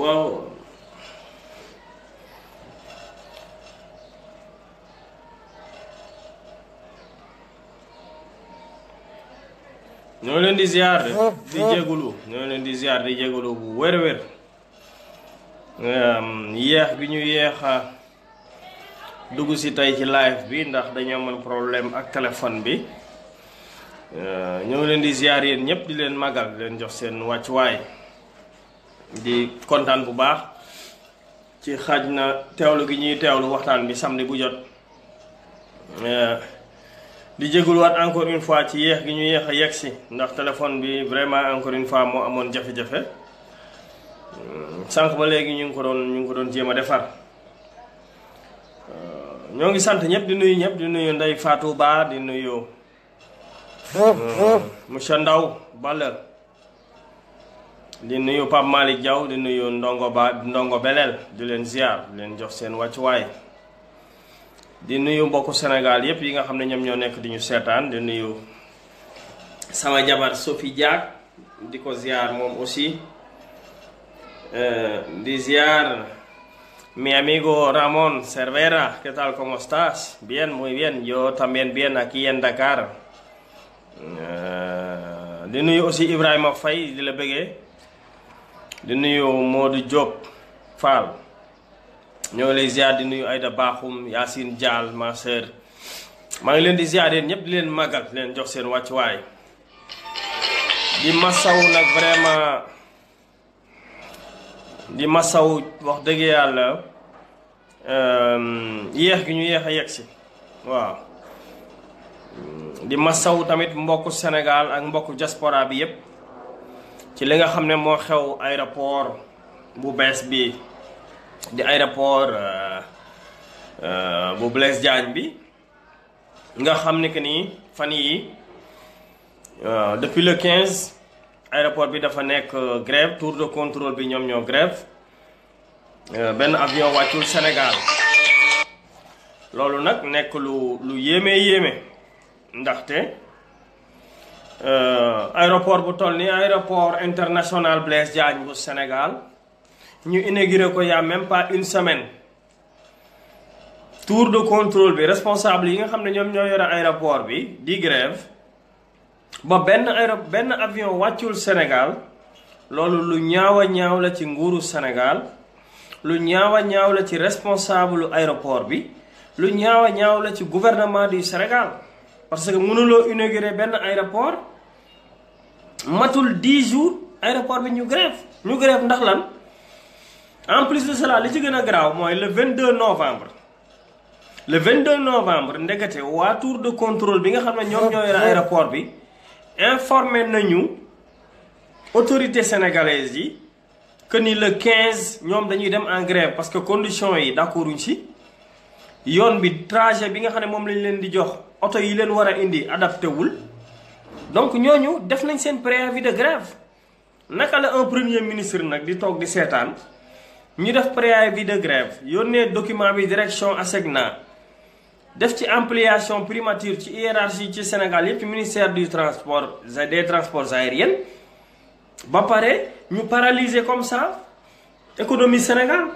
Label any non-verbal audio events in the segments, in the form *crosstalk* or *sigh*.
waaw ñoo leen di ziar di ah, ah. jégalu ñoo leen di ziar di jégalu bu wér-wér yéex bi ñu yéexa dugg si tey ci live bi ndax dañu amoon problème ak téléphone bi euh, ñoo leen di ziar yéen ñëpp di leen magal leen jox seen wàccuwaay di kontaan bu baax ci xaj na teewlu gi ñuy teewlu waxtaan bi samedi bu jot euh, di jégaluwaat encore une fois ci yéex gi ñu yéex a yegg si ndax téléphone bi vraiment encore une fois moo amoon jafe-jafe euh, sànq ba léegi ñu ngi ko doon ñu ngi ko doon jéem a defar euh, ñoo ngi sant ñëpp di nuyu ñëpp di nuyu Ndeye Fatou Ba di nuyu monsieur Ndaw Baller di nuyu Pape Malick di nuyu Ndongo Ba Ndongo Beleel di leen ziar leen jox seen wàccuwaay di nuyu mbokku Sénégal yépp yi nga xam ne ñoom ñoo nekk di ñu seetaan di nuyu sama jabar Sophie Diak di ko ziar moom aussi euh, di ziar mi amigo Ramón Cervera ¿qué tal cómo estás? bien muy bien yo también bien aquí en Dakar euh, di nuyu aussi Ibrahima fay di la bëggee di nuyu Modou Diop Fall ñoo lay ziar di nuyu Aïda Bakhoum Yacine Dial ma sœur maa ngi leen di ziar yéen ñëpp di leen màggal leen jox seen wàccuwaay di masaw nag vraiment di masaw wax dëgg yàlla euh, yéex gi ñu yéex a yegg si waaw di masaw tamit mbokk Sénégal ak mbokku jasporaa bi yépp ci li nga xam ne moo xew aéroport bu bees bi di aéroport euh, euh, bu Blaise Diagne bi nga xam ne que nii fan yi euh, depuis le quinze aéroport bi dafa nekk grève tour de contrôle bi ñoom ñoo grève benn avion wàccul Sénégal loolu nag nekk lu lu yéeme yéeme ndaxte Euh, aéroport bu toll ni aéroport international Blaise Diagne bu Sénégal ñu inauguré ko yaa même pas une semaine tour de contrôle bi responsable yi nga xam ne ñoom ñoo yore aéroport bi di grève ba benn aéro benn avion wàccul Sénégal loolu lu ñaaw a ñaaw la ci nguuru Sénégal lu ñaaw a ñaaw la ci responsable aéroport bi lu ñaaw a ñaaw la ci gouvernement du Sénégal parce que mënuloo inaugurer benn aéroport matul 10 jours aéroport bi ñu grève ñu grève ndax lan en plus de cela li ci gën a garaaw mooy le deux novembre le 22 novembre ndekete waa tour de contrôle bi nga xam ne ñoom ñoo yore aéroport bi informé nañu autorité sénégalaise yi que ni le 15 ñoom dañuy dem en grève parce que conditions yi d'accorduñ si yoon bi trajet bi nga xam ne moom lañ leen di jox oto yi leen war a indi adapté wul. donc ñooñu def nañ seen préavis de grève naka la un premier ministre nag di toog di seetaan ñu def préavis de grève yónnee document bi direction ASECNA def ci ampliation primature ci hiérarchie ci Sénégal yépp ministère du transport des transports aériens ba pare ñu paralyser comme ça économie Sénégal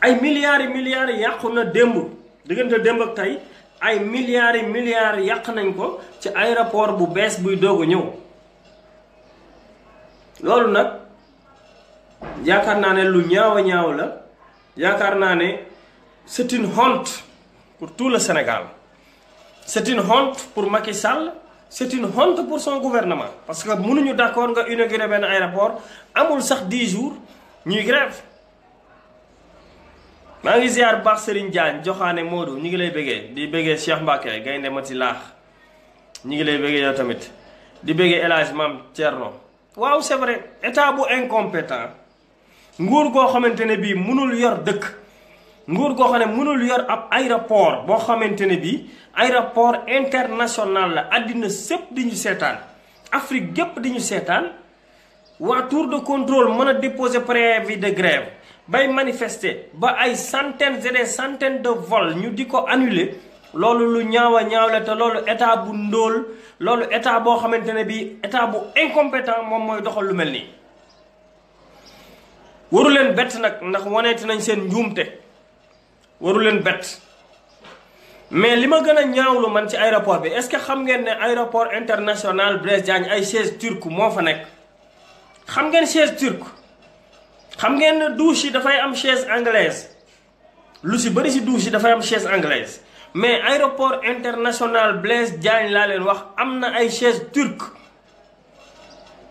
ay milliards yi milliards yi yàqu na démb diggante démb ak tey ay milliards yi milliards yàq nañ ko ci aéroport bu bees buy doog a ñëw loolu nag yaakaar naa ne lu ñaaw a ñaaw la yaakaar naa ne c'est une pour tout le Sénégal c'est une honte pour Macky Sall c'est une honte pour son gouvernement parce que mënuñu d'accord nga inauguré benn aéroport amul sax 10 jours ñuy grève maa ngi ziar baax Serigne Diagne joxaane Modou ñu ngi lay bëggee di bëggee Cheikh Mbacke gaynde mati laax ñu ngi lay bëggee yow tamit di bëggee El Hadj Mame waaw c'est vrai état bu incompétent nguur goo xamante ne bii mënul yor dëkk nguur goo xam ne mënul yor ab aéroport boo xamante ne bii aéroport international la àddina sëpp di ñu seetaan Afrique gépp di ñu seetaan waa tour de contrôle mën a déposer préavis de grève bay manifester ba ay centaines et des de vols ñu di ko annuler loolu lu ñaaw a ñaaw la te loolu état bu ndóol loolu état boo xamante ne bii état bu incompétent moom mooy doxal lu mel nii. waru leen bett nag ndax waneeti nañ seen njuumte waru leen bett mais li ma gën a ñaawlu man ci aéroport bi est que xam ngeen ne aéroport international Blaise Diagne ay chaise turque moo fa nekk xam ngeen chaise turque. xam ngeen ne douche yi dafay am chaise anglaise lu si bëri si douche yi dafay am chaise anglaise mais aéroport international Blaise Diagne laa leen wax am na ay chaise turque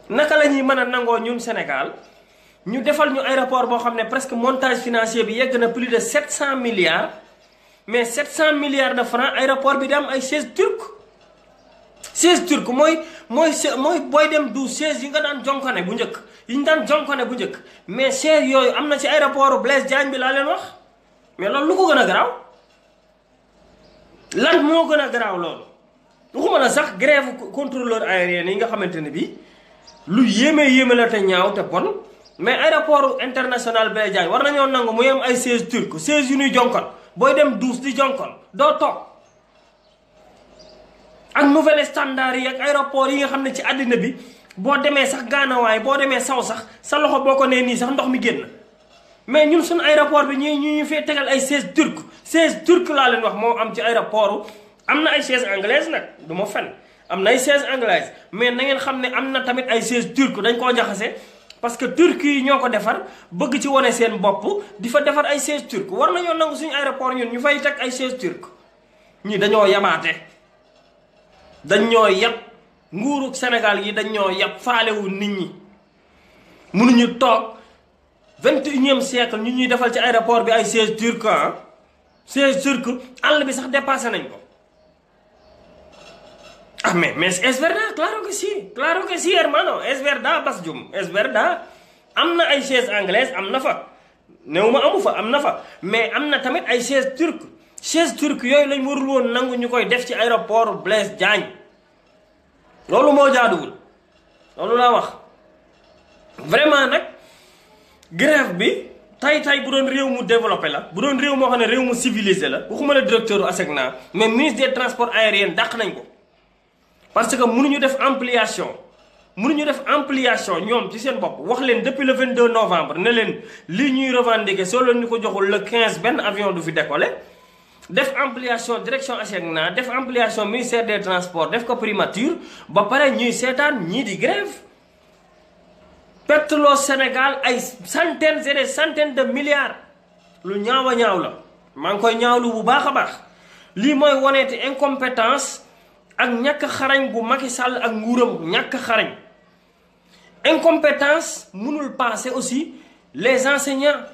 naka la ñuy mën a nangoo ñun Sénégal ñu defal ñu aéroport boo xam ne presque montage financier bi yegg na plus de 700 milliards mais 700 milliards de francs aéroport bi di am ay chaise turque chaise turque mooy mooy cha mooy booy dem du chaise yi nga daan jonkone bu njëkk yi ñu daan jonkone bu njëkk mais chaise yooyu am na ci aéroport Blaise Diagne bi laa leen wax mais loolu lu ko gën a garaaw lan moo gën a garaaw loolu waxuma la sax grève contrôleur aérien yi nga xamante ne bii lu yéeme yéeme la te ñaaw te bon mais aéroport international Blaise Diagne war nañoo nangu mu yem ay chaise turque chaise yu ñuy jonkon booy dem duus di jonkon doo toog ak nouvelle standard yi ak aéroport yi nga xam ne ci àddina bi boo demee sax gaanawaay boo demee saw sax sa loxo boo ko nee nii sax ndox mi génn mais ñun suñu aéroport bi ñu ñu ñu fee tegal ay chaise turque chaise turque laa leen wax moo am ci aéroport am na ay chaise anglaise nag du ma fen am na ay chaise anglaise mais na ngeen xam ne am na tamit ay chaise turque dañ koo jaxase parce que turc yi ñoo ko defar bëgg ci wane seen bopp di fa defar ay chaise turque war nañoo nangu suñu aéroport ñun ñu fay teg ay chaise turque ñi dañoo yamaate dañ ñoo yab nguuru Sénégal yi dañ ñoo yab faalewul nit ñi mënuñu toog vingt et unième siècle ñu ñuy defal ci aéroport bi ay siège turc ah siège turc àll bi sax dépassé nañ ko ah mais mais es claro que si claro que si hermano es verdad bas jum es verdad am na ay chaise anglaise am na fa néew ma amu fa am na fa mais am na tamit ay chaise turque chaise turque yooyu lañ warul woon nangu ñu koy def ci aéroport Blaise Diagne loolu moo jaaduwul loolu laa wax vraiment nag grève bi tay tay bu doon réew mu développé la bu doon réew moo xam ne réew mu civilisé la waxuma la directeur ASECNA mais ministre des transports aériens dàq nañ ko parce que ñu def ampliation mënuñu def ampliation ñoom ci seen bopp wax leen depuis le 22 novembre ne leen lii ñuy revendiquer soo leen ñu ko joxul la 15 benn avion du fi décoller def ampliation direction ASECNA def ampliation ministère des transport def ko primature ba pare ñuy seetaan ñii di grève perteloo Sénégal ay centaines et des de milliards lu ñaaw a ñaaw la maa ngi koy ñaawlu bu baax a baax lii mooy woneeti incompétence ak ñàkk xarañ bu Macky Sall ak nguuram ñàkk xarañ incompétence mënul passer aussi les enseignants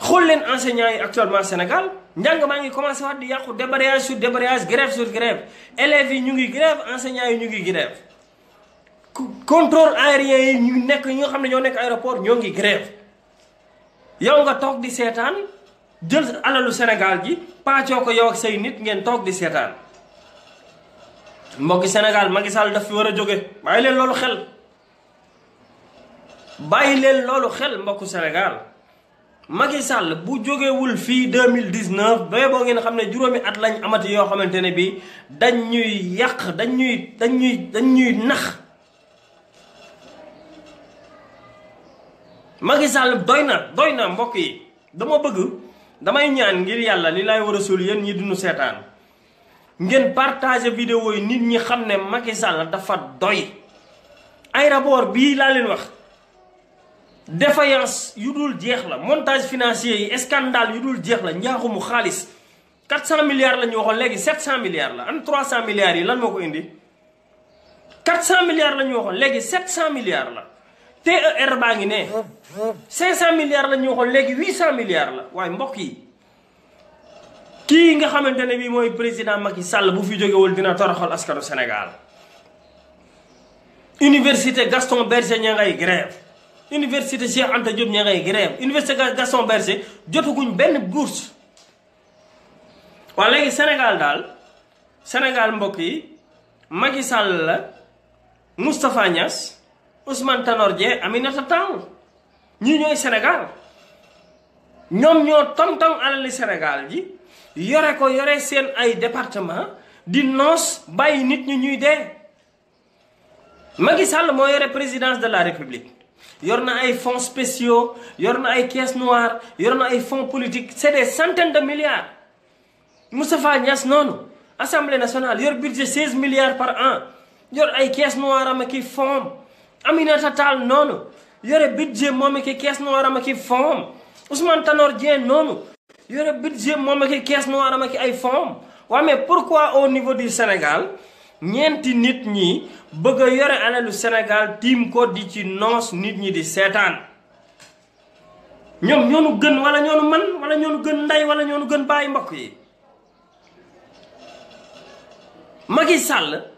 xool leen enseignants yi actuellement Sénégal njàng maa ngi commencé waat di yàqu débrayage sur débrayage grève sur grève élèves yi ñu ngi grève enseignants yi ñu ngi grève contrôle aérien yi ñu nekk ñi xam ne ñoo nekk aéroport ñoo ngi grève yow nga toog di seetaan jël alalu Sénégal ji paacoo ko yow ak say nit ngeen toog di seetaan mbokki Sénégal Macky Sall daf fi war a jóge bàyyi leen loolu xel bàyyi leen loolu xel mbokku Sénégal Macky Sall bu jógewul fii deux mille dix neuf ba boo ngeen xam ne juróomi at lañ amati yoo xamante ne bii dañ ñuy yàq dañ ñuy dañ ñuy dañ ñuy nax Macky Sall doy na doy na mbokk yi dama bëgg damay ñaan ngir yàlla li lay war a suul yéen ñi dund seetaan ngeen partager vidéo yi nit ñi xam ne Macky Sall dafa doy aéroport bii laa leen wax. défaillance yu dul jeex la montage financier yi scandale yu dul jeex la njaaxumu xaalis 400 milliards la ñu waxoon léegi 700 milliards la am 300 milliards yi lan moo ko indi 400 milliards la ñu waxoon léegi 700 milliards la TER baa ngi ne 500 milliards la ñu waxoon léegi 800 milliards la waaye mbokk yi kii nga xamante ne bii mooy président yi sàll bu fi jógewul dina toroxal askanu Sénégal université Gaston Berger ña ngay grève université Cheikh Anta Diop ña ngay grève université Gaston Berger jotaguñ benn bourse waa léegi Sénégal daal Sénégal mbokk yi Macky Sall la Moustapha Niass Ousmane Tanor Dieng Aminata Tall ñi ñooy Sénégal ñoom ñoo tong-tong alali Sénégal ji yore ko yore seen ay département di noos bàyyi nit ñi ñuy dee Macky Sall moo yore présidence de la République yor na ay fonds spéciaux yor na ay caisse noire yor na ay fonds politiques c'est des centaines de milliards Moustapha Niass noonu assemblée nationale yor budget 16 milliards par an yor ay caisse noire ama ki fonds Aminata Tall noonu yore budget moom ki caisse noire ama ki fonds Ousmane Tanor Dieng noonu yore budget moom ki caisse noire ama ki ay fonds waaw mais pourquoi au niveau du Sénégal ñeenti nit ñi bëgg a yore alalu Sénégal tiim ko di ci noos nit ñi di seetaan ñoom ñoonu gën wala ñoonu man wala ñoonu gën ndey wala ñoonu gën bàyyi mbokk yi Macky sàll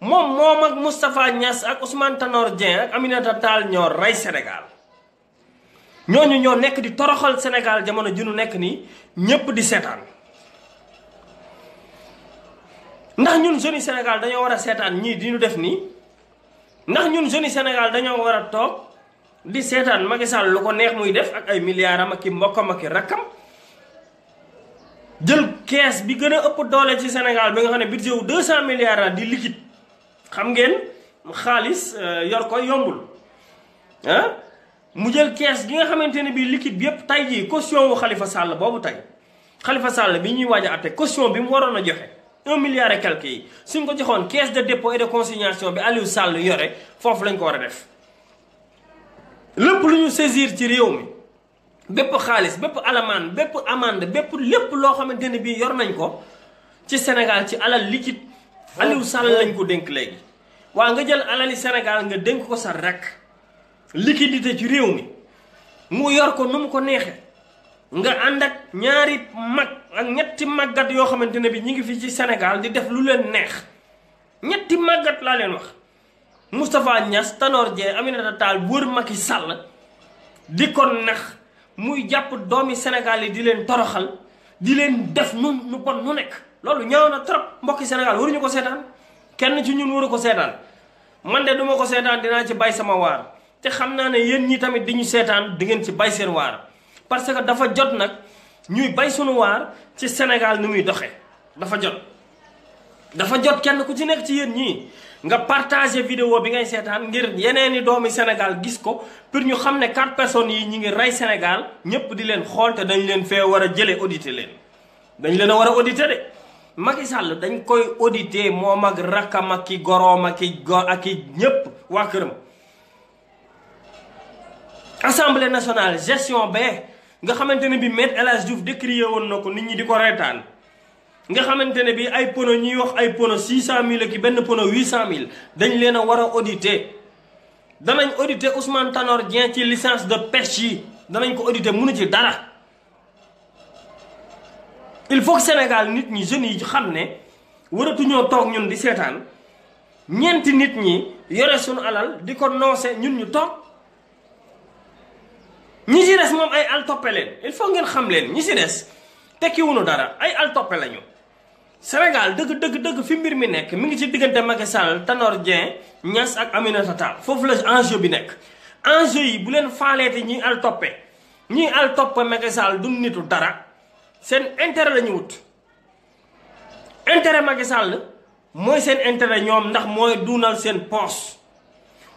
moom moom ak Moustapha Niass ak Ousmane Tanor ak Aminata Tall ñoo rey Sénégal ñooñu ñoo nekk di toroxal senegaal jamono ju nu nekk nii ñépp di seetaan ndax ñun jeunes Sénégal dañoo war a seetaan ñii di def nii ndax ñun jeunes Sénégal dañoo war a toog di seetaan Macky Sall lu ko neex muy def ak ay milliards am ak ki mbokkam ak ki rakkam jël kees bi gën a ëpp doole ci Sénégal bi nga xam ne budget wu 200 milliards di liquide xam ngeen xaalis euh, yor ko yombul ah mu jël kees gi nga xamante ne bii liquide bi yëpp tay jii caution wu Khalifa Sall boobu tay xalifa sàll bi ñuy waaj a atte bi mu waroon a joxe. un milliard et quelques yi suñ ko joxoon caisse de dépôt et de consignation bi Aliou Sall yore foofu lañ ko war a def lépp lu ñu saisir ci réew mi bépp xaalis bépp alamaan bépp amande bépp lépp loo xamante ne bii yor nañ ko ci Sénégal ci alal liquide Aliou Sall lañ ko dénk léegi waa nga jël alali Sénégal nga dénk ko sa rak liquidité ci réew mi mu yor ko nu mu ko neexee nga ànd ak ñaari mag ak ñetti màggat yoo xamante ne bi ñu ngi fi ci Sénégal di def lu leen neex ñetti màggat laa leen wax ñas Moustapha Niass Tanor Dieng taal Tall wër Macky sàll di ko nax muy jàpp doomi Sénégal yi di leen toroxal di leen def nu nu bon nu nekk loolu ñaaw na trop mbokki Sénégal waruñu ko seetaan kenn ci ñun waru ko seetaan man de du ma ko seetaan dinaa ci bay sama waar te xam naa ne yéen ñi tamit di ñu seetaan di ngeen ci bay seen parce que dafa jot nag ñuy bay sunu waar ci Sénégal ni muy doxee dafa jot. dafa jot kenn ku ci nekk ci yéen ñi nga partagé video bi ngay seetaan ngir yeneeni doomi Sénégal gis ko pour ñu xam ne quatre personnes yi ñu ngi rey Sénégal ñëpp di leen xool te dañ leen fee war a jëlee audité leen dañ leen a war a audité de. i sàll dañ koy audité moom ak rakkam ak i goroom ak i go ak kër ma waa këram. Assemblée nationale gestion bee nga xamante ne bi maître El Hadj Diouf décrié woon na ko nit ñi di ko reetaan nga xamante ne bi ay pono ñuy wax ay pono 600000 ak benn pono 800000 dañ leen a war a audité danañ audité Ousmane Tanor Dieng ci licence de pêche yi danañ ko audité mënu ci dara il faut Sénégal nit ñi jeunes yi xam ne waratuñoo toog ñun di seetaan ñeenti nit ñi yore suñu alal di ko noose ñun ñu toog ñi si des moom ay al leen il faut ngeen xam leen ñi si des tekkiwunu dara ay al toppe lañu Sénégal dëgg dëgg dëgg fi mbir mi nekk mu ngi ci diggante Macky Sall Tanor Dieng Niass ak Aminata Tall foofu la enjeu bi nekk enjeu yi bu leen faaleete ñuy al toppe ñuy al toppe Macky Sall du nitu dara seen intere la ñu wut intérêt Macky Sall mooy seen intérêt ñoom ndax mooy duunal seen poos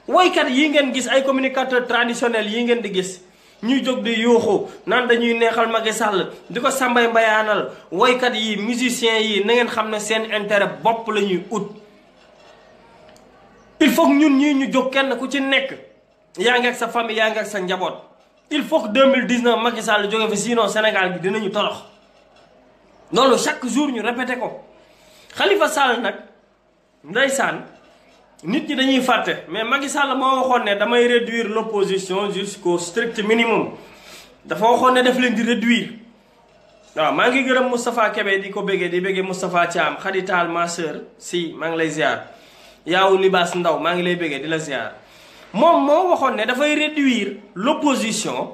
woykat yi ngeen gis ay communicateur traditionnel yi ngeen di gis ñuy jóg di yuuxu naan dañuy neexal Macky Sall di ko sambay mbayaanal woykat yi musiciens yi na ngeen xam ne seen intérêt bopp lañuy ñuy ut il faut ñun ñii ñu jóg kenn ku ci nekk yaa ngi ak sa famille yaa ngi ak sa njaboot il faut que 2019 Macky Sall jóge fi sinon Sénégal bi dinañu torox loolu chaque jour ñu répété ko xalifa Sall nag ndeysaan nit ñi dañuy fàtte mais Macky Sall moo waxoon ne damay réduire l'opposition jusqu'au strict minimum dafa waxoon ne daf leen di réduire waaw maa ngi gërëm Moustapha Kébé di ko béggee di béggee Moustapha Thiam xaditaal ma sœur si maa ngi lay ziar yaaw libaas ndaw maa ngi lay béggee di la ziar moom moo waxoon ne dafay réduire l'opposition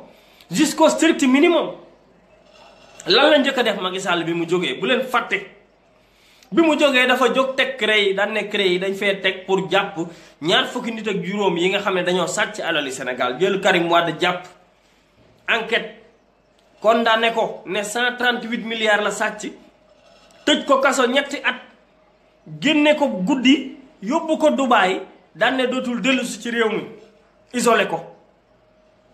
jusqu'au strict minimum lan lañ njëkk def Macky Sall bi mu jógee bu leen fàtte bi mu jógee dafa jóg teg CREI yi daan ne CREI yi dañ fee teg pour jàpp ñaar fukki nit ak juróom yi nga xam ne dañoo sàcc alali Sénégal jël Karim Wade jàpp enquête condamné ko ne 138 milliards la sàcc tëj ko kaso ñetti at génne ko guddi yóbbu ko Dubaay daan dootul dellusi ci réew mi isolé ko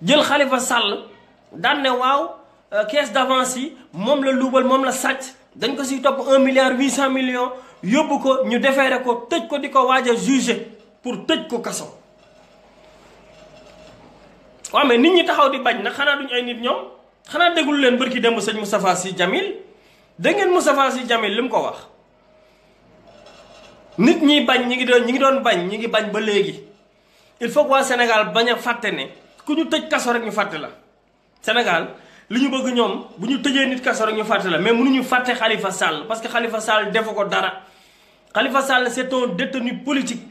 jël xalifa sàll daan ne waaw euh, caisse d'avance yi moom la luubal moom la sàcc dañ ko siy topp un milliard huit cent millions yóbbu ko ñu defeere ko tëj ko di ko waaj a jugé pour tëj ko kaso waaw mais nit ñi taxaw di bañ na xanaa duñ ay nit ñoom xanaa déggul leen bërki dem sëñ Moustapha Sy Jamil dégg ngeen Moustapha Sy Jamil li mu ko wax nit ñi bañ ñi ngi doon ñi ngi doon bañ ñi ngi bañ ba léegi il faut waa Sénégal bañ a fàtte ne ku ñu tëj kaso rek ñu fàtte la senegal li ñu bëgg ñoom bu ñu tëjee nit kaso rek ñu fàtte la mais mënuñu fàtte Khalifa Sall parce que Khalifa Sall defu ko dara xalifa Sall c'est un détenu politique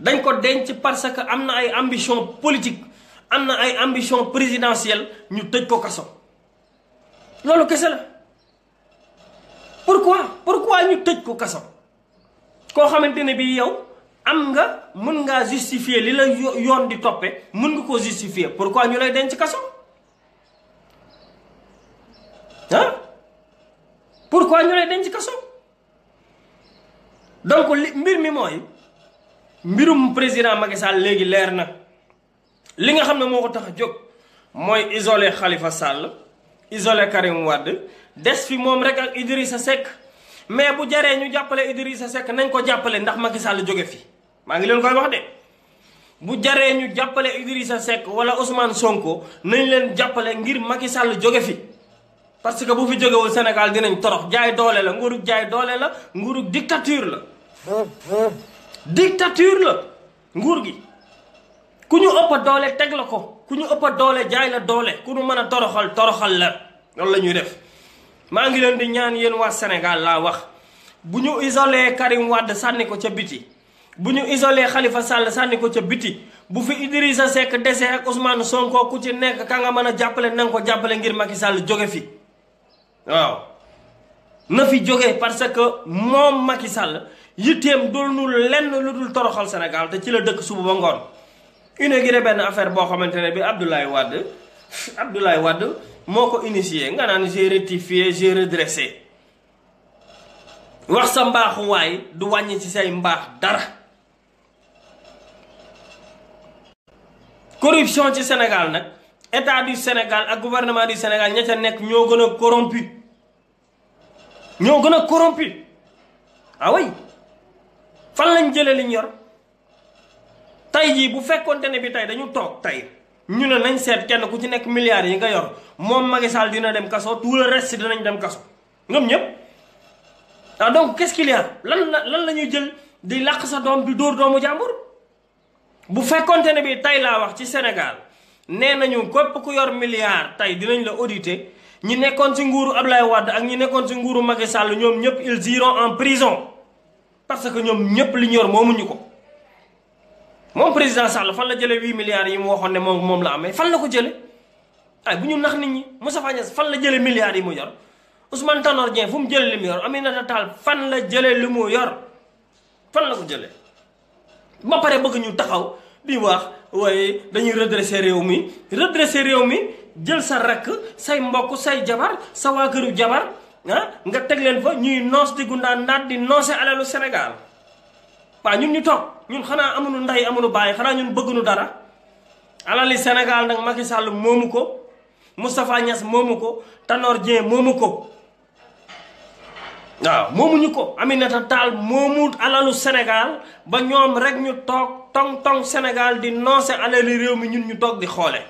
dañ ko denc parce que am na ay ambition politique am na ay ambition présidentielle ñu tëj ko kaso loolu kese la pourquoi pourquoi ñu tëj ko kaso koo xamante ne bii yow am nga mën ngaa justifier li la yoon di toppe mën nga ko justifier pourquoi ñu lay denc kaso ah pourquoi ñu lay denc kaso donc li mbir mi mooy mbirum président Macky sàll léegi leer na li nga xam ne moo ko tax a jóg mooy isolé Khalifa Sall isolé Karim Wade des fi moom rek ak sa Seck mais bu jaree ñu jàppale sa sekk nañ ko jàppale ndax Macky sàll jóge fi maa ngi leen koy wax de bu jaree ñu jàppale sa Seck wala Ousmane Sonko nañ leen jàppale ngir Macky sàll jóge fi. parce que bu fi jógewul Sénégal dinañ torox jaay doole la nguurug jaay doole la nguurug dictature la dictature la nguur gi ku ñu ëpp doole teg la ko ku ñu ëpp doole jaay la doole ku ñu mën a toroxal toroxal la loolu la ñuy def maa ngi leen di ñaan yéen waa Sénégal laa wax bu ñu isolé Karim Wade sànni ko ca biti bu ñu isolé Khalifa Sall sànni ko ca biti bu fi Idrissa Seck dese ak Ousmane Sonko ku ci nekk ka nga mën a jàppale na ko jàppale ngir Macky Sall jóge fi waaw na fi jóge parce que moom Macky sàll yitteem dul lenn lu dul toroxal Sénégal te ci la dëkk suba ba ngoon inauguré benn affaire boo xamante ne bi Abdoulaye Wade Abdoulaye Wade moo ko initie nga naan j'ai rectifié j'ai redressé wax sa mbaaxuwaay du wàññi ci say mbaax dara corruption ci Sénégal nag état du Sénégal ak gouvernement du Sénégal ña ca nekk ñoo gën a corrompu ñoo gën a corrompu ah fan lañ jëlee liñ yor tey jii bu fekkoonte ne bi tey dañu toog tey ñu ne nañ seet kenn ku ci nekk milliards yi nga yor moom Macky Sall dina dem kaso tout le reste dinañ dem kaso ñoom ñëpp ah donc qu'est-ce qu'il lan lan la jël di làq sa doom di dóor doomu jàmbur bu fekkoonte ne bi tey laa wax ci Sénégal nee nañu képp ku yor milliard tey dinañ la audité ñi nekkoon ci nguuru lay Wade ak ñi nekkoon si nguuru Macky Sall ñoom ñëpp ils iront en prison parce que ñoom ñëpp li ñu yor ñu ko moom président Sall fan la jëlee huit milliards yi mu waxoon ne moom moom la amee fan la ko jëlee ay bu nax nit ñi Moustapha Niasse fan la jëlee milliards yi mu yor Ousmane Tanor Dieng fu mu jële li mu yor Aminata Tall fan la jëlee li mu yor fan la ko jëlee ba pare bëgg ñu taxaw di wax. waaye dañuy redresser réew mi redresser réew mi jël sa rakk say mbokk say jabar sa waa këru jabar ah nga teg leen fa ñuy noos di gundaan naat di noose alalu Sénégal waaw ñun ñu toog ñun xanaa amuñu ndey amuñu bàyyi xanaa ñun bëgguñu dara alali senegal nag Macky Sall moomu ko Moustapha Niass moomu ko Tanor Dieng moomu ko waaw moomuñu ko Aminata Tall moomu alalu Sénégal ba ñoom rek ñu toog tong-tong Sénégal di noose alali réew mi ñun ñu toog di xoole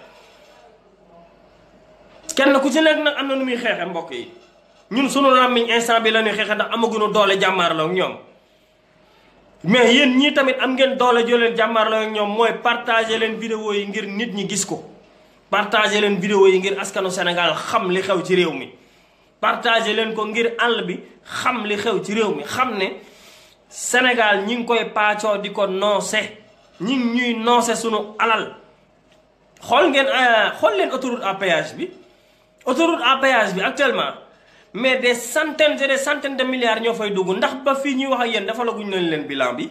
kenn ku ci lekk nag am na nu muy xeexe mbokk yi ñun sunu làmmiñ instant bi la ñuy xeexe ndax amaguñu doole jàmmaarloo ñoom mais yéen ñii tamit am ngeen doole joo leen ak ñoom mooy partager leen vidéo yi ngir nit ñi gis ko partager leen vidéo yi ngir askanu senegal xam li xew ci réew mi partager leen ko ngir àll bi xam li xew ci réew mi xam ne Sénégal ñi ngi koy paacoo di ko noose ñi ngi ñuy noncé sunu alal xool ngeen euh, xool leen autoroute à péage bi autoroute à péage bi actuellement mais de centaines et des de milliards ñoo fay dugg ndax ba fii ñuy wax ak yéen dafa la guñ leen leen bilan bi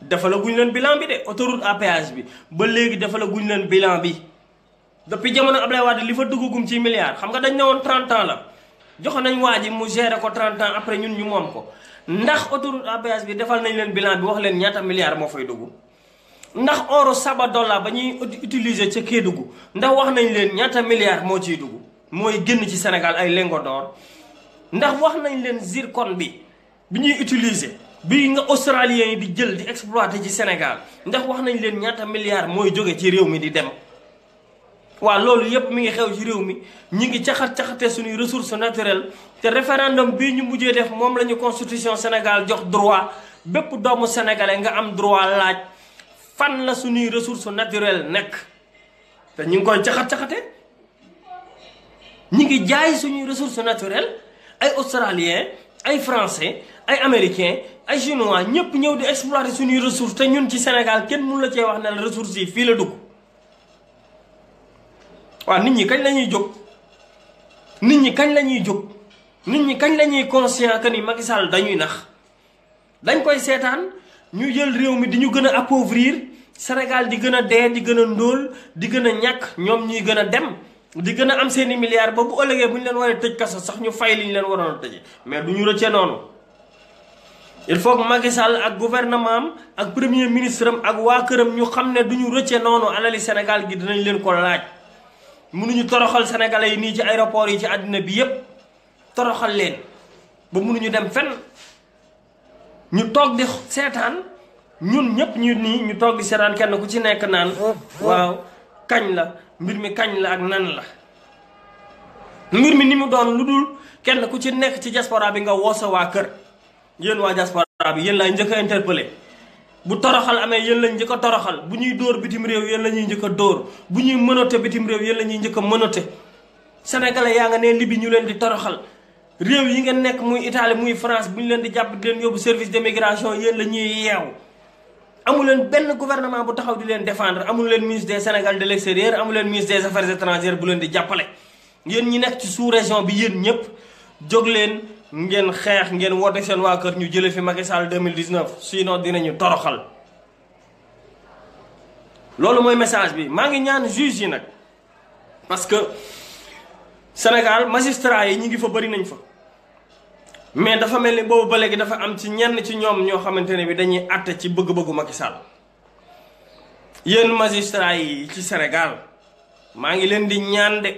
dafa la guñ leen bilan bi de autoroute à péage bi ba léegi dafa leen bilan bi depuis jamono Ablaye Wade li fa duggagum ci milliards xam nga dañ ne woon 30 ans la jox nañ waa ji mu gérer ko 30 ans après ñun ñu moom ko ndax autoroute à péage bi defal nañ leen bilan bi wax leen ñaata milliards moo fay dugg ndax oru Sabodala ba ñuy utiliser ca Kédougou ndax wax nañ leen ñaata milliards moo ciy dugg mooy génn ci Sénégal ay lingots door ndax wax nañ leen zircon bi bi ñuy utiliser bi nga australiens yi di jël di exploiter ci Sénégal ndax wax nañ leen ñaata milliards mooy jóge ci réew mi di dem. waaw loolu yépp mi ngi xew ci réew mi ñu ngi caxat-caxate suñuy ressources naturel te référendum bii ñu mujjee def moom la constitution Sénégal jox droit bépp doomu sénégalais nga am droit laaj. fan la suñuy ressource naturelle nekk te ñu ngi koy caxat-caxate ñu ngi jaay suñuy ressource naturelle ay australien ay français ay américain ay chinois ñëpp ñëw di exploiter suñuy ressource te ñun ci Sénégal kenn mun la cee wax ne la ressource yi fii la dugg waaw nit ñi kañ la ñuy jóg nit ñi kañ la ñuy jóg nit ñi kañ la ñuy conscient que ni Macky dañuy nax dañ koy seetaan ñu jël réew mi di ñu gën a appauvrir Sénégal di gën a dee di gën a ndóol di gën a ñàkk ñoom ñuy gën a dem di gën a am seeni milliards ba bu ëllëgee bu ñu leen waree tëj kaso sax ñu fay li ñu leen waroon a mais du ñu rëcce noonu. il faut que Macky ak gouvernement am ak premier ministre am ak waa këram ñu xam ne du ñu rëcce noonu alali senegal gi dinañ leen ko laaj mënuñu toroxal sénégalais yi nii ci aéroport yi ci àddina bi yépp toroxal leen ba mënuñu dem fenn. ñu toog di seetaan ñun ñëpp ñu nii ñu toog di seetaan kenn ku ci nekk naan waaw kañ la mbir mi kañ la ak nan la mbir mi ni mu doon lu dul kenn ku ci nekk ci diaspora bi nga woosa waa kër yéen waa diaspora bi yéen laay njëkk a interpellé bu toroxal amee yéen lañ njëkk toroxal bu ñuy dóor bitim réew yéen lañuy ñuy njëkk a dóor bu ñuy mënote bitim réew yéen lañuy ñuy njëkk a mënote sénégalais yaa nga ne libi ñu leen di toroxal réew yi ngeen nekk muy Italie muy France bu ñu leen di jàpp di leen yóbbu service d'immigration yéen la ñuy yeew amu leen benn gouvernement bu taxaw di leen défendre amu leen ministre des Sénégal de l'extérieur amu leen ministre des affaires étrangères bu leen di jàppale. yéen ñi nekk ci sous-région bi yéen ñëpp jóg leen ngeen xeex ngeen woote seen waa kër ñu jëlee fi Macky Sall 2019 sinon dinañu toroxal loolu mooy message bi maa ngi ñaan juge yi nag parce que Sénégal magistrat yi ñi ngi fa bëri nañ fa. mais dafa mel ni boobu ba léegi dafa am ci ñenn ci ñoom ñoo xamante ne bi dañuy àtte ci bëgg-bëggu Macky Sall yéen magistrat yi ci Sénégal maa ngi leen di ñaan de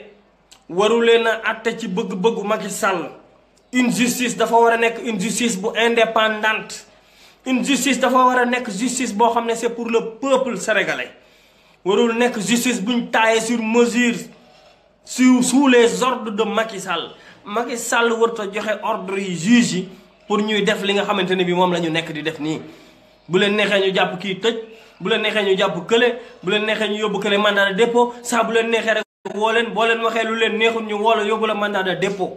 waru leen a àtte ci bëgg-bëggu Macky sàll une justice dafa war a nekk une justice bu indépendante une justice dafa war a nekk justice boo xam ne c'est pour le peuple sénégalais warul nekk justice buñ taillée sur mesure. sous sous les ordres de Macky Sall Macky Sall warut a joxe ordre yi juge yi pour ñuy def li nga xamante ne bi moom la ñu nekk di def nii bu leen neexee ñu jàpp kii tëj bu leen neexee ñu jàpp kële bu leen neexee ñu yóbbu kële mandat a dépôt saa bu leen neexee rek woo leen boo leen waxee lu leen neexul ñu woo la yóbbu la mandat de dépôt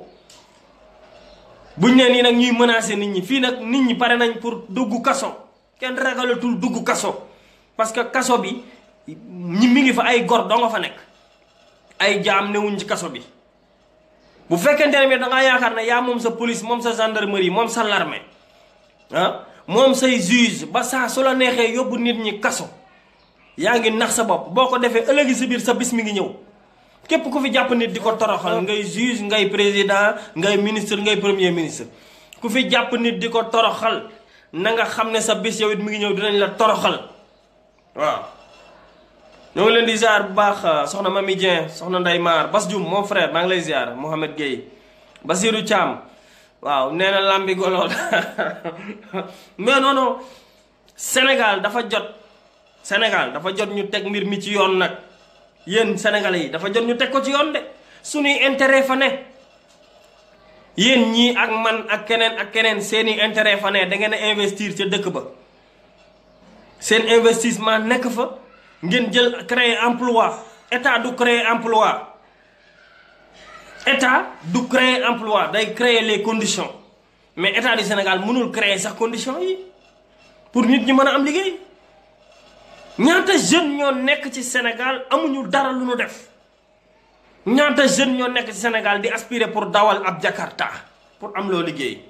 buñ ne nii nag ñuy menacer nit ñi fii nag nit ñi pare nañ pour dugg kaso kenn ragalatul dugg kaso parce que kaso bi ñi mi ngi fa ay gor doo nga fa nekk ay jaam newuñ ci kaso bi bu fekkente ne da ngaa yaakaar ne yaa moom sa police moom sa gendarmerie moom sa l'armée ah moom say juge ba saa su la neexee yóbbu nit ñi kaso yaa ngi nax sa bopp boo ko defee ëllëgi si biir sa bis mi ngi ñëw képp ku fi jàpp nit di ko toroxal ngay juge ngay président ngay ministre ngay premier ministre ku fi jàpp nit di ko toroxal na nga xam ne sa bis yow it mi ngi ñëw dinañ la toroxal waaw ñoo leen di ziar bu baax euh, soxna Mami Dieng soxna Nday Maar Bas Dioum mon frère maa ngi lay ziar Mohamed Gueye Basirou Thiam waaw nee na làmbi *laughs* golool mais non non dafa jot senegal dafa jot ñu teg mbir mi ci yoon nag yéen senegal yi dafa jot ñu teg ko ci yoon de suñuy intere fa ne yéen ñii ak man ak keneen ak keneen seeni intérêt fa ne da ngeen a investir ca dëkk ba seen investissement nekk fa. ngeen jël créer emploi état du créer emploi état du créer emploi day créer les conditions mais état du Sénégal mënul créer sax conditions yi pour nit ñi mën a am liggéey ñaata jeunes ñoo nekk ci Sénégal amuñu dara lu ñu def ñaanta jeunes ñoo nekk ci Sénégal di aspirer pour dawal ab Jakarta pour am loo liggéey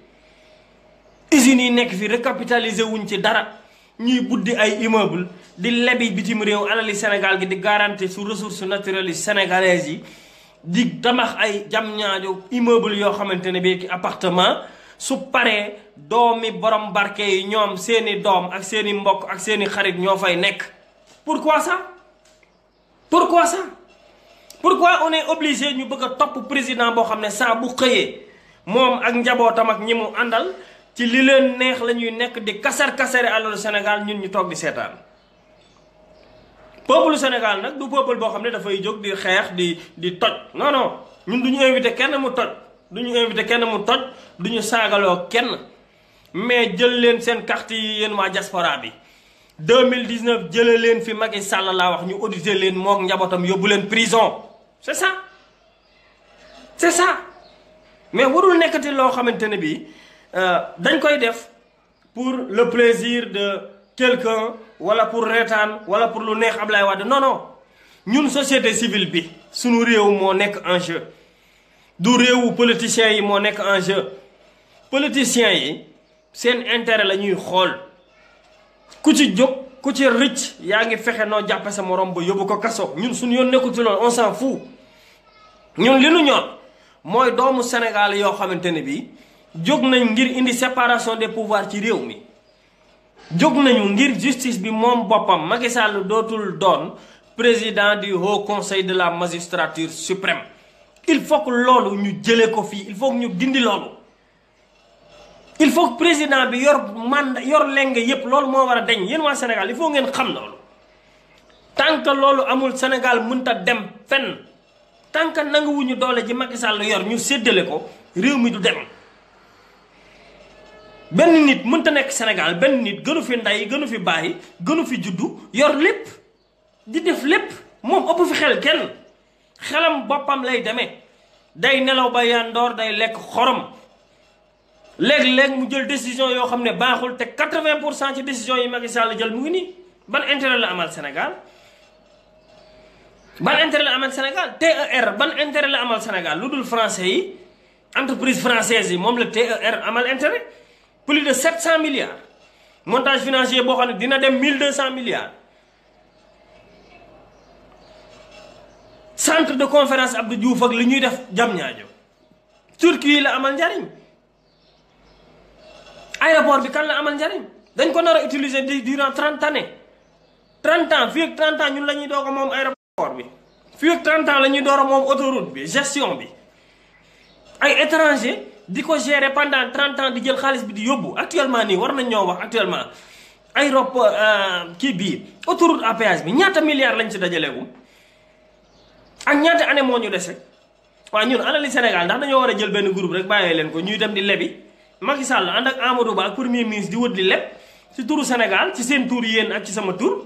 usines yi nekk fi recapitaliser wuñ ci dara. ñuy buddi ay immeuble di lebi bitim réew alali Sénégal gi di garantir su ressources naturelles yi sénégalaises yi di tabax ay jam ñaajo immeuble yoo xamante ne bii appartement su paree doomi borom barke yi ñoom seeni doom ak seeni mbokk ak seeni xarit ñoo fay nekk pour quoi pourquoi ça pourquoi ça pourquoi on est obligé ñu bëgg a topp président boo xam ne saa bu xëyee moom ak njabootam ak ñi mu àndal ci li leen neex la ñuy nekk di kasar kasare alalu Sénégal ñun ñu toog di seetaan peuple Sénégal nag du peuple boo xam ne dafay jóg di xeex di di toj non ñun du ñu invité kenn mu toj du ñu invité kenn mu toj du ñu saagaloo kenn mais jël leen seen carte yi yéen waa diaspora bi mille 2019 jële leen fi Macky Sall laa wax ñu audité leen mook njabootam yóbbu leen prison c'est ça c'est ça mais warul nekkati loo xamante ne bii. Euh, dañ koy def pour le plaisir de quelqu'un wala pour reetaan wala pour lu neex Ablaye Wade non non ñun société civile bi suñu réew moo nekk en jeu du réewu politiciens yi moo nekk en jeu politiciens yi seen intérêt la ñuy xool ku ci jóg ku ci rëcc yaa ngi fexe noo jàppe sa morom ba yóbbu ko kaso ñun suñu yoon nekkul ci loolu on s'en fout ñun li nu ñor mooy doomu Sénégal yoo xamante ne bii jóg nañ ngir indi séparation des pouvoirs ci réew mi jóg nañu ngir justice bi moom boppam Macky Sall dootul doon président du haut conseil de la magistrature suprême il faut que loolu ñu jële ko fii il faut que ñu dindi loolu il faut que président bi yor mandat yor leng yépp loolu moo war a deñ yéen waa Sénégal il foo ngeen xam loolu tant que loolu amul Sénégal mënta dem fenn tant que nanguwuñu doole ji Macky Sall yor ñu séddale ko réew mi du dem benn nit mënta nekk Sénégal benn nit gënu fi ndey gënu fi bàyyi gënu fi juddu yor lépp di def lépp moom ëpp fi xel kenn xelam boppam lay demee day nelaw ba yandoor day lekk xorom léeg-léeg mu jël décision yoo xam ne baaxul te 80 pour cent ci décision yi Macky Sall jël mu ngi nii ban intérêt la amal Sénégal ban intérêt la amal Sénégal TER ban intérêt la amal Sénégal lu dul français yi entreprise française yi moom la TER amal intérêt plus de 700 milliards montage financier boo xam ne dina dem 1200 milliards centre de conférence Abdou Diouf ak li ñuy def jam ñaajo Turquie la amal njariñ aéroport bi kan la amal njariñ dañ ko nar a utiliser durant 30 années 30 ans fii ak 30 ans ñun la ñuy doog a moom aéroport bi fii ak 30 ans la ñuy door a moom autoroute bi gestion bi ay étranger di ko gérer pendant trente ans di jël xaalis bi di yóbbu actuellement nii war nañ ñoo wax actuellement aéroport euh, kii bii autoroute à péage bi ñaata milliards lañ ci dajaleegum ak ñaata année moo ñu dese waaw ñun alali Sénégal ndax dañoo war a jël benn group rek bàyyee leen ko ñuy dem di lebi Macky Sall ànd ak Amadou Ba ak premier ministre di wër di leb si turu Sénégal ci seen tur yéen ak ci sama tur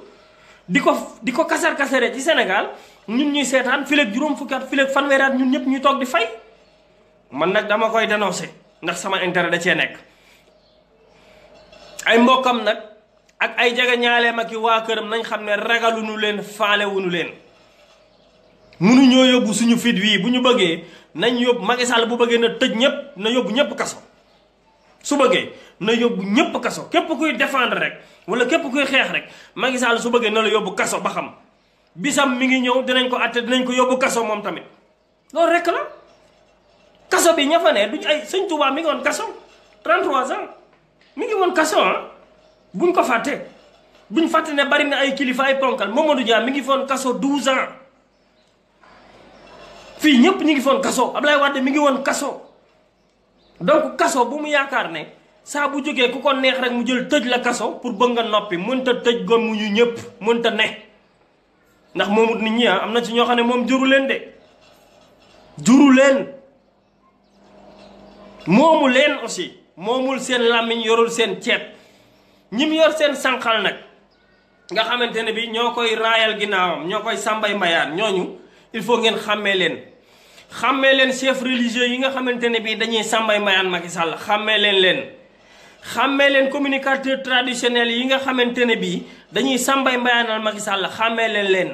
di ko di ko kasar kasare ci Sénégal ñun ñuy seetaan fileeg juróom fukki at fileeg fanweeri ñun ñëpp ñuy toog di fay. man nag dama koy dénoncé ndax sama intérêt da cee nekk ay mbokkam nag ak ay jege ñaaleem ak waa këram nañ xam ne ragaluñu leen faalewuñu leen mënuñoo yóbbu suñu fit wii bu ñu bëggee nañ yóbbu Macky Sall bu bëggee na tëj ñëpp na yóbbu ñëpp kaso su bëggee na yóbbu ñëpp kaso képp kuy défendre rek wala képp kuy xeex rek Macky Sall su bëggee na la yóbbu kaso ba xam bisam mi ngi ñëw dinañ ko àtte dinañ ko yóbbu kaso moom tamit loolu rek la kaso bi ña fa ne duñ ay sëñ Touba mi ngi woon kaso 33 ans mi ngi woon kaso ah buñ ko fàtte buñ fàtt ne bari na ay kilifa ay ponkal Mamadou Dia mi ngi foon kaso 12 ans fii ñëpp ñi ngi foon kaso Ablaye Wade mi ngi woon kaso donc kaso bu mu yaakaar ne saa bu jógee ku ko neex rek mu jël tëj la kaso pour bëgg nga noppi mënta tëj gëmmuñu ñëpp mënta ne ndax moomut nit ñi ah, am na ci ñoo xam ne moom juru leen de juru moomu leen aussi moomul seen làmmiñ yorul seen ceeb ñim yor seen sànqal nag nga xamante ne bi ñoo koy raayal ginnaawam ñoo koy sàmbay mbayaan ñooñu il faut ngeen xàmmee leen xàmmee leen chef religieux yi nga xamante ne bi dañuy sàmbay mbayaan Macky Sall xàmmee leen leen xàmmee leen communicateur traditionnel yi nga xamante ne bi dañuy sàmbay mbayaanal Macky Sall xàmmee leen leen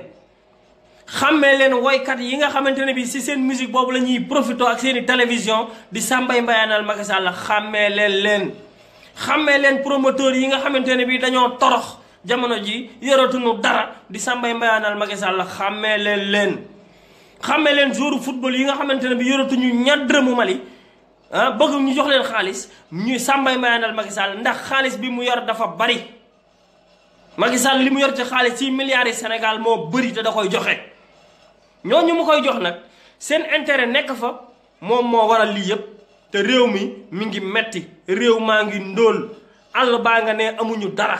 xàmmee leen woykat yi nga xamante ne bi si seen musique boobu la ñuy profité ak seen i télévision di sàmbay mbayaanal Macky Sall xàmmee leen leen xàmmee leen promoteur yi nga xamante ne bi dañoo torox jamono ji yoratuñu di sàmbay mbayaanal Macky Sall xàmmee leen leen xàmmee leen joueur football yi nga xamante ne bi yoratuñu ñadre mu Mali ah bëgg ñu jox leen xaalis ñuy sàmbay mbayaanal Macky Sall ndax xaalis bi mu yor dafa bari Macky Sall li mu yore ci xaalis ci milliards yi Sénégal moo bëri te da koy joxe ñoo ñu mu koy jox nag seen intérêt nekk fa moom moo waral lii yëpp te réew mi mi ngi metti réew maa ngi ndóol àll baa nga ne amuñu dara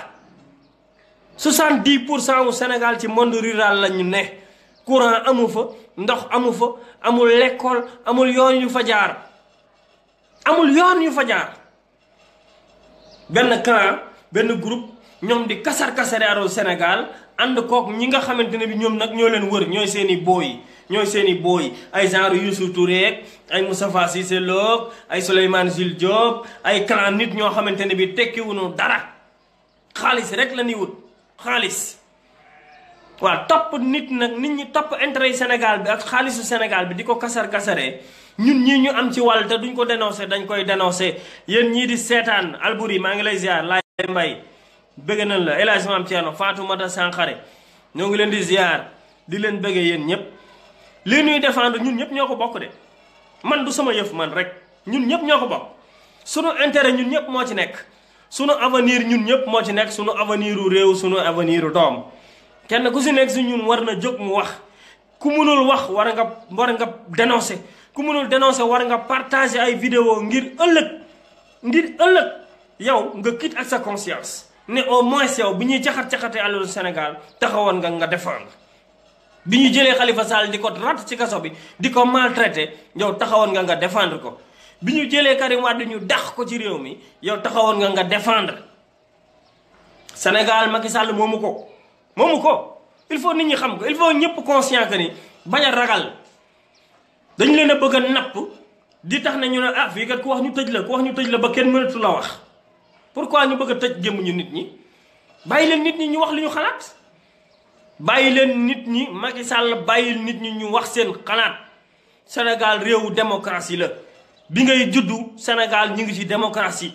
di pour cent wu Sénégal ci monde rural la ñu ne courant amu fa ndox amu fa amul lekkool amul yoon yu fa jaar amul yoon yu fa jaar benn clan benn groupe ñoom di kasar-kasare aro senegal ànd kook ñi nga xamante ne bi ñoom nag ñoo leen wër ñooy seeni i booy ñooy seeni i booy ay genre Youssou Touré ay Moustapha Cissé Lo ay Souleymane Jules Diop ay clan nit ñoo xamante ne bi tekkiwuñu dara xaalis rek la ñuy wut xaalis waaw topp nit nag nit ñi topp intérêt yu Sénégal bi ak xaalisu Sénégal bi di ko kasar-kasaree ñun ñii ñu am ci wàll te duñ ko dénoncé dañ koy dénoncé yéen ñii di seetaan Alboury maa ngi lay ziar laay mbay bëgg nañ la El Hadj Maam Thierno Fatoumata Sankhare ñoo ngi leen di ziar di leen bëggee yéen ñëpp lii ñuy défendre ñun ñëpp ñoo ko bokk de man du sama yëf man rek ñun ñëpp ñoo ko bokk sunu intérêt ñun ñëpp moo ci nekk sunu avenir ñun ñëpp moo ci nekk sunu avenir u réew sunu avenir u doom kenn ku si nekk si ñun war na jóg mu wax ku mënul wax war nga war nga dénoncer ku mënul dénoncer war nga partager ay vidéo ngir ëllëg ngir ëllëg yow nga kit ak sa conscience ne au moins yow bi ñuy caxat-caxatee alalu Sénégal taxawoon nga nga defoon nga bi ñu jëlee xalifa Sall di ko rat ci kaso bi di ko maltraité yow taxawoon nga nga défendre ko bi ñu jëlee Karim Wade ñu dax ko ci réew mi yow taxawoon nga nga défendre Sénégal Macky sàll moomu ko moomu ko il faut nit ñi xam ko il faut ñëpp conscient que ni bañ a ragal dañ leen a bëgg a napp di tax ne ñu ne ah fii kat ku wax ñu tëj la ku wax ñu tëj la ba kenn mënatu la wax pourquoi ñu bëgg a tëj ñu nit ñi bàyyi leen nit ñi ñu wax lu ñu xalaat bàyyi leen nit ñi Macky Sall bàyyi nit ñi ñu wax seen xalaat Sénégal réewu démocratie la bi ngay juddu Sénégal ñu ngi ci démocratie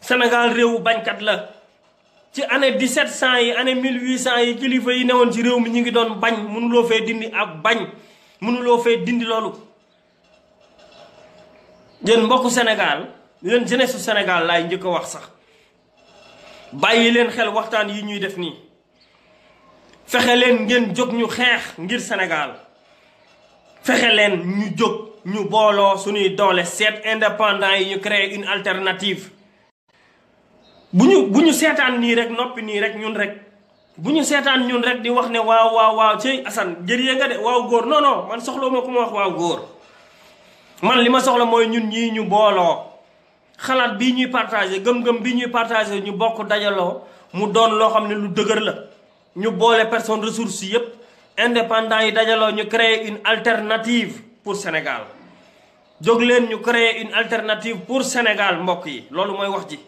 Sénégal réewu bañkat la ci année 1700 yi année 1800 yi kilifa yi newoon ci réew mi ñu ngi doon bañ mënuloo fee dindi ak bañ mënuloo fay dindi loolu yéen mbokku senegaal leen jeunesse su Sénégal laay njëkk a wax sax bàyyi leen xel waxtaan yi ñuy def nii fexe leen ngeen jóg ñu xeex ngir Sénégal fexe leen ñu jóg ñu booloo suñuy doole seet indépendant yi ñu créer une alternative bu ñu bu ñu seetaan nii rek noppi nii rek ñun rek bu ñu seetaan ñun rek di wax ne waaw waaw waaw ci Assane yee nga de waaw góor non non man soxla ma ku ma wax waaw góor man li ma soxla mooy ñun ñii ñu booloo xalaat bii ñuy partagé gëm-gëm bi ñuy partagé ñu bokk dajaloo mu doon loo xam ne lu dëgër la ñu boole personne ressource yépp indépendant yi dajaloo ñu créer une alternative pour Sénégal jóg leen ñu créer une alternative pour Sénégal mbokk yi loolu mooy wax ji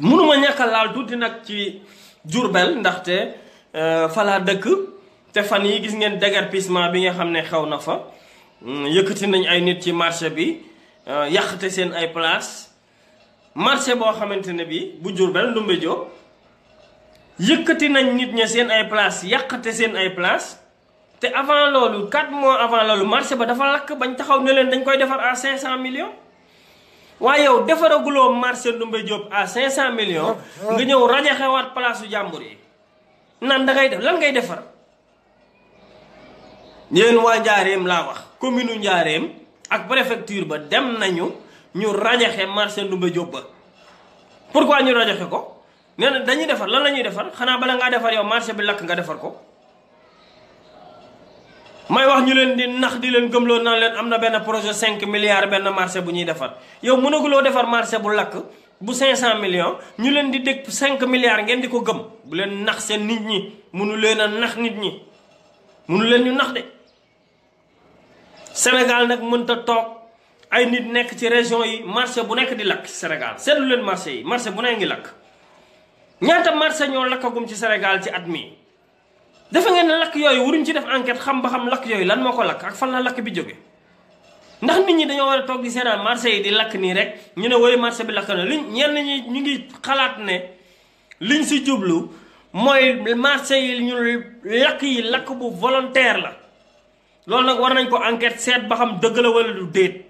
mënuma ñàkk a laal tuuti nag ci Diourbel ndaxte euh, fa laa dëkk te fan yi gis ngeen déguerpissement bi nga xam ne xew na fa mm, yëkkati nañ ay nit ci marché bi Euh, yàqate seen ay place marché boo xamante ne bii bu Diourbel Ndoumbé Diop yëkkati nañ nit ña seen ay place yàqate seen ay place te avant loolu 4 mois avant loolu marché ba dafa lakk bañ taxaw ne leen dañ koy defar cinq 500 millions waaye yow defaraguloo marché Ndoumbé Diop à cent millions nga ñëw rajaxewaat place su jàmbur yi naan da def lan ngay defar yéen waa Njaareem laa wax commune u Njaareem ak préfecture ba dem nañu ñu rajaxe marché Ndoumbé Diop ba pourquoi ñu rajaxe ko nee na dañuy defar lan la ñuy defar xanaa bala ngaa defar yow marché bi lakk nga defar ko may wax ñu leen di nax di leen gëmloo naa leen am na benn projet 5 milliards benn marché bu ñuy defar yow loo defar marché bu lakk bu 500 million ñu leen di dégg cinq milliards ngeen di ko gëm bu leen nax seen nit ñi mënu leen a nax nit ñi mënu leen ñu nax de. Sénégal nag mënta toog ay nit nekk ci région yi marché bu nekk di lakk ci Sénégal seetlu leen marché yi marché bu ne ngi lakk ñaata marché ñoo lakkagum ci Sénégal ci at mi defe ngeen ne lakk yooyu waruñ ci def enquête xam ba xam lakk yooyu lan moo ko lakk ak fan la lakk bi jóge ndax nit ñi dañoo war a toog di seenaan marché yi di lakk nii rek ñu ne wari marché bi lakk na liñ ñenn ñi ñu ngi xalaat ne liñ si jublu mooy marché yi ñu lakk yi lakk bu volontaire la loolu nag war nañ ko enquête seet ba xam dëgg la wala du déet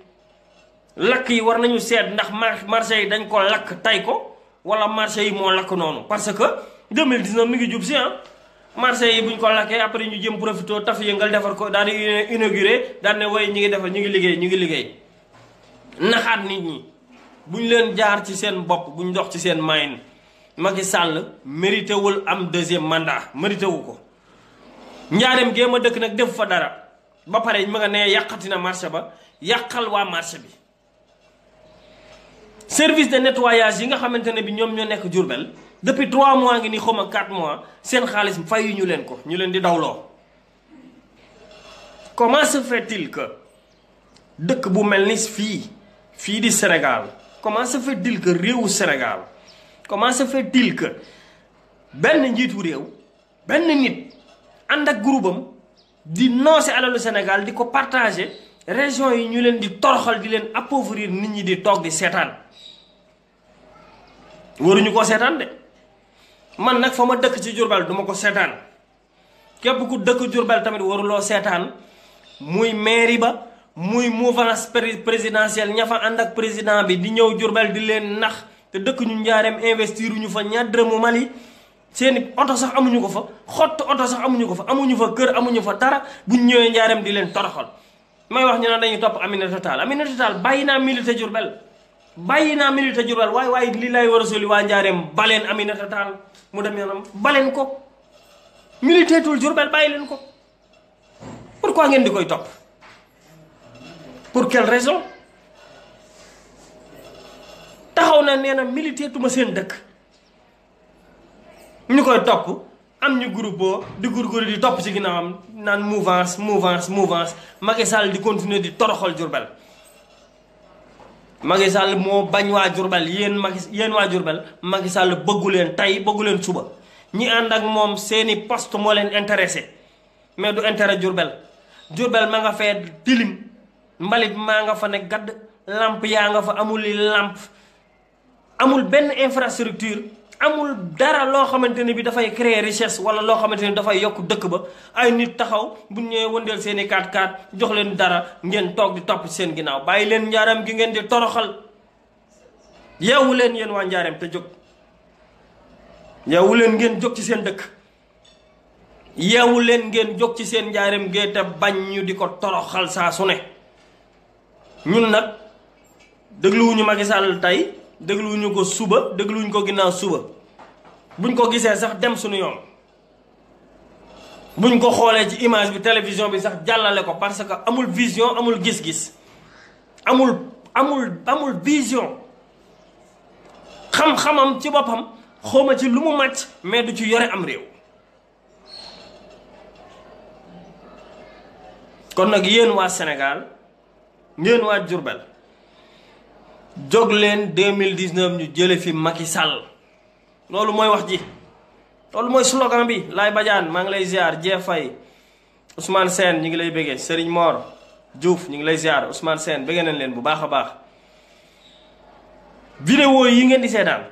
lakk yi war nañu seet ndax marché yi dañ ko lakk tay ko wala marché yi moo lakk noonu parce que 2019 mi ngi jub si ah marché yi bu ñu ko lakkee après ñu jëm profito taf yëngal defar ko daal di inauguré daal ne way ñi ngi defar ñu ngi liggéey ngi liggéey naxaat nit ñi bu ñu leen jaar ci seen bopp bu ñu dox ci seen mayin Macky Sall mérité wul am deuxième mandat mérité wu ko njaareem gé a dëkk nag def fa dara ba pare ma nga ne yàqati na marché ba yàqal waa marché bi service de nettoyage yi nga xamante ne bi ñoom ñoo nekk Diourbel depuis 3 mois ngi ni xaw ma 4 mois seen xaalis fayu ñu leen ko ñu leen di dawloo comment se il que dëkk bu mel ni fii fii di Sénégal comment se fait-il que réewu Sénégal comment se il que benn njiitu réew benn nit ànd ak groupam di noose alalu Sénégal di ko partager région yi ñu leen di toroxal di leen appauvrir nit ñi di togg di seetaan waruñu ko seetaan de man nag fa ma dëkk ci Diourbel duma ko seetaan képp ku dëkk Diourbel tamit waruloo seetaan muy mairie ba muy mouvance présidentielle ña fa ànd ak président bi di ñëw Diourbel di leen nax te dëkk ñu njaareem investir ñu fa ñaar dërëmu Mali seeni oto sax amuñu ko fa xott oto sax amuñu ko fa amuñu fa kër amuñu fa dara buñ ñëwee njaareem di leen toroxal may wax ñu ne dañuy topp Aminata Tall Aminata Tall bàyyi naa milité Diourbel bàyyi naa milité Diourbel waaye waaye li lay war a waa njaareem baleen Aminata Tall mu dem baleen ko milité tul bàyyi leen ko pourquoi ngeen di koy topp pour quelle raison taxaw na nee na milité tuma seen dëkk ñu koy topp am ñu groupe di gurguru di topp ci ginnaawam naan mouvance mouvance mouvance Macky Sall di continuer di toroxal Diourbel Macky moo bañ waa Diourbel yéen Macky yéen waa Diourbel Macky Sall bëggu leen tey bëggu leen suba ñi ànd ak moom seeni poste moo leen intéressé mais du intérêt Diourbel Diourbel ma nga fee tilim mbalit maa nga fa ne gadd lamp yaa nga fa amul lamp amul benn infrastructure amul dara loo xamante ne bi dafay créer richesse wala loo xamante ne dafay yokk dëkk ba ay nit taxaw bu ñu ñëwee wëndeel seen i kaat kaat jox leen dara ngeen toog di topp seen ginnaaw bàyyi leen njaaram gi ngeen di toroxal yeewu leen yéen waa njaaram te jóg yeewu leen ngeen jóg ci seen dëkk yeewu leen ngeen jóg ci seen njaaram gee te bañ ñu di ko toroxal saa su ne ñun nag dëgluwuñu Macky Sall tey dégluwuñu ko suba dégluwuñu ko ginnaaw suba buñ ko gisee sax dem suñu yoon buñ ko xoolee ci image bi télévision bi sax jàllale ko parce que amul vision amul gis-gis amul amul amul vision xam-xamam ci boppam xawma ci lu mu màcc mais du ci yore am réew kon nag yéen waa Sénégal ngeen waa Diourbel jóg leen 2019 ñu jële fi Macky Sall loolu mooy wax ji loolu mooy slogan bi Laye Badiane maa ngi lay ziar Dieng fay Ousmane Sène ñu ngi lay bëggee Serigne moor Diouf ñu ngi lay ziar Ousmane Sène bëggee nañ leen bu baax a baax vidéo yi ngeen di seetaan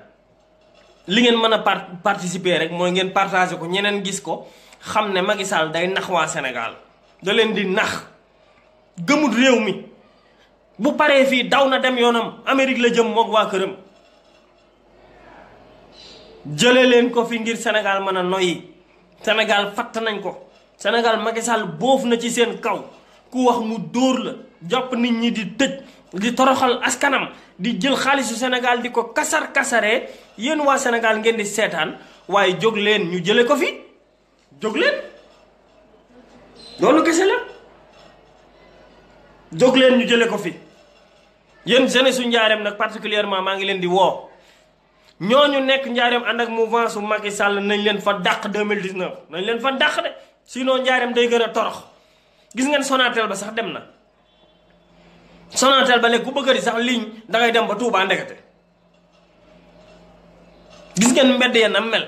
li ngeen mën a participer rek mooy ngeen partager ko ñeneen gis ko xam ne mag i Sall day nax waa Sénégal da leen di nax gëmut réew mi bu paree fii daw na dem yoonam Amérique la jëm mook waa këram jëlee leen ko fi ngir senegal mën a noyyi senegal fatt nañ ko senegal Macky boofu na ci seen kaw ku wax mu dóor la jàpp nit ñi di tëj di toroxal askanam di jël xaalisu Sénégal di ko kasar kasaree yéen waa senegal ngeen di seetaan waaye jóg leen ñu jële ko fi jóg leen loolu kese la jóg leen ñu jële ko fi yéen jeunesse su njaareem nag particulièrement maa ngi leen di woo ñoo ñu nekk njaareem ànd ak mouvement su mag Macky sàll nañ leen fa dàq 2019 nañ leen fa dàq de sinon njaareem day gën a torox gis ngeen Sonatel ba sax dem na Sonatel ba léegi ku bëgg di sax ligne dangay dem ba Touba ndekete gis ngeen mbedd ya nam mel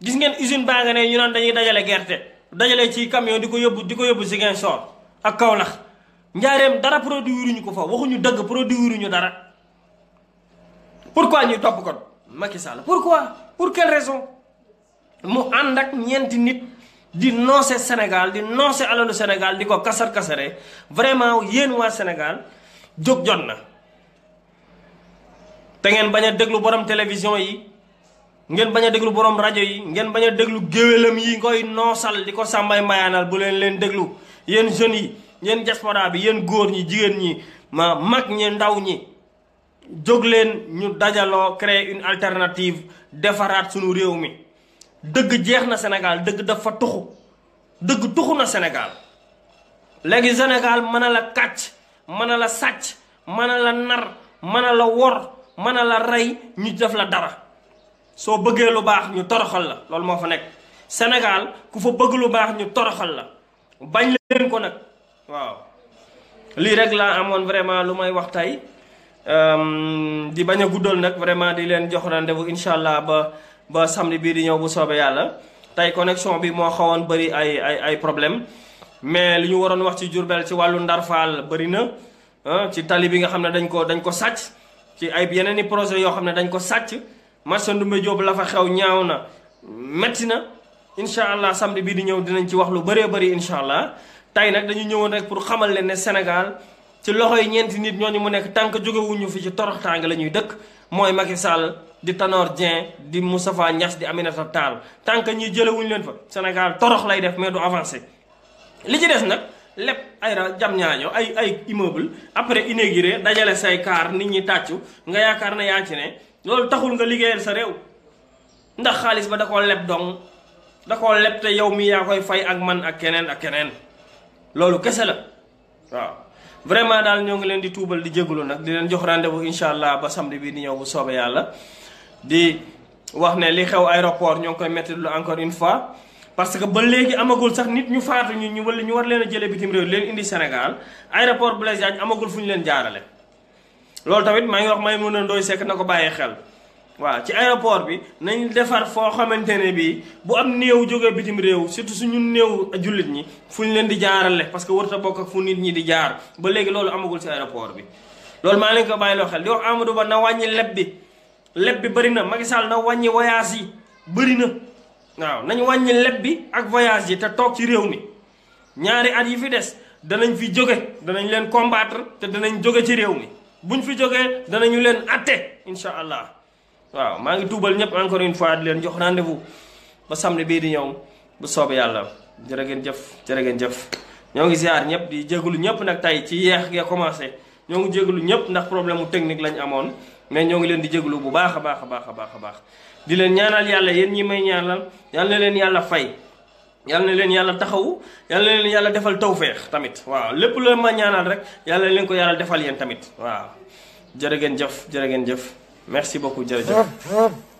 gis ngeen usine baa nga ne ñu naan dañuy dajale gerte dajale ci camion di ko yóbbu di ko yóbbu Ziguinchor ak kaw Kaolack njaareem dara produiruñu ko fa waxuñu dëgg produiruñu dara pour quoi ñu topp kon Macky Sall pourquoi pour quelle raison mu ànd ak ñeenti nit di noose Sénégal di noose alalu Sénégal di ko kasar kasare vraiment yéen waa Sénégal jóg jot na te ngeen bañ a déglu borom télévision yi ngeen bañ a déglu borom rajo yi ngeen bañ a déglu géwélam yi ngoy noosal di ko sàmbay mayaanal bu leen leen déglu yéen jeunes yi yéen diaspora bi yéen góor ñi jigéen ñi ma mag ñi ndaw ñi jóg leen ñu dajaloo créer une alternative defaraat suñu réew mi dëgg jeex na senegal dëgg dafa tuxu dëgg tuxu na Sénégal léegi senegal mën a la kàcc mën a la sàcc mën a la nar mën a la wor mën a la rey ñu def la dara soo bëggee lu baax ñu toroxal la loolu moo fa nekk senegal ku fa bëgg lu baax ñu toroxal la bañ leen ko nag waaw lii rek laa amoon vraiment lu may wax tey euh, di bañ a guddal nag vraiment di leen jox rendez-vous incha allah ba ba samedi bii di ñëw bu soobee yàlla tey connexion bi moo xawoon bëri ay ay ay problème mais li ñu waroon wax ci Jurbel ci wàllu ndarfaal bari na euh, ci tali bi nga xam ne dañ ko dañ ko sàcc ci ay yeneen i projet yoo xam ne dañ ko sàcc marché Ndoumbé Diop la fa xew ñaaw na metti na incha allah samedi bii di ñëw dinañ ci wax lu bëree bari incha allah tey nag dañu ñëwoon rek pour xamal leen ne Sénégal ci loxo yi ñeenti nit ñooñu mu nekk tànk jógewuñu fi ci toroxtaange la ñuy dëkk mooy Macky Sall di Tanor Dieng di mu Moustapha Niass di Aminata Tall tànk ñi jëlewuñu leen fa Sénégal torox lay def mais du avancé li ci des nag lépp ay ra jam ñaaño ay ay immeuble après inauguré dajale say kaar nit ñi tàccu nga yaakaar na yaa ci ne loolu taxul nga liggéeyal sa réew ndax xaalis ba da koo leb dong da koo leb te yow mi yaa koy fay ak man ak keneen ak keneen loolu kese la waaw vraiment daal ñoo ngi leen di tuubal di jégalu nag di leen jox rendez-vous incha allah ba samedi bi di ñëw bu soobee yàlla di wax ne li xew aéroport ñoo ngi koy metti lu encore une fois parce que ba léegi amagul sax nit ñu faatu ñu ñu wala ñu war leen a jëlee bitim réew leen indi Sénégal aéroport Blaise Diagne amagul fu ñu leen jaarale loolu tamit maa ngi wax may mën a dooy sekk na ko bàyyee xel waaw ci aéroport bi nañ defar foo xamante ne bii bu am néew jógee bitim réew surtout suñu néew a jullit ñi fu ñu leen di jaarale parce que warut a bokk ak fu nit ñi di jaar ba léegi loolu amagul ci aéroport bi. loolu maa leen ko bàyyi loo xel di wax Amadou Ba na wàññi leb bi leb bi bëri na Macky Sall na wàññi voyage yi bëri na waaw nañu wàññi leb bi ak voyage yi te toog ci réew mi ñaari at yi fi des danañ fi jóge danañ leen combattre te danañ jóge ci réew mi buñ fi jógee danañu leen atte incha allah. waaw maa ngi tuubal ñëpp encore une fois di leen jox rendez-vous ba samedi bii di ñëw bu soobee yàlla jër ngeen jëf jërë ngeen jëf ñoo ngi ziar ñëpp di jégalu ñëpp nag tey ci yeex gee commencé ñoo ngi jégalu ñëpp ndax problème mu technique lañ amoon mais ñoo ngi leen di jégalu bu baax a baax a baax a baax a baax di leen yàlla yéen ñi may ñaanal yal na leen yàlla fay yal na leen yàlla taxawu yal na leen yàlla defal tawféex tamit waaw lépp loo ma ñaanal rek yal na leen ko yàlla defal yéen tamit waaw jërë ngeen jëf jërë ngeen jëf merci beaucoup jërëjëf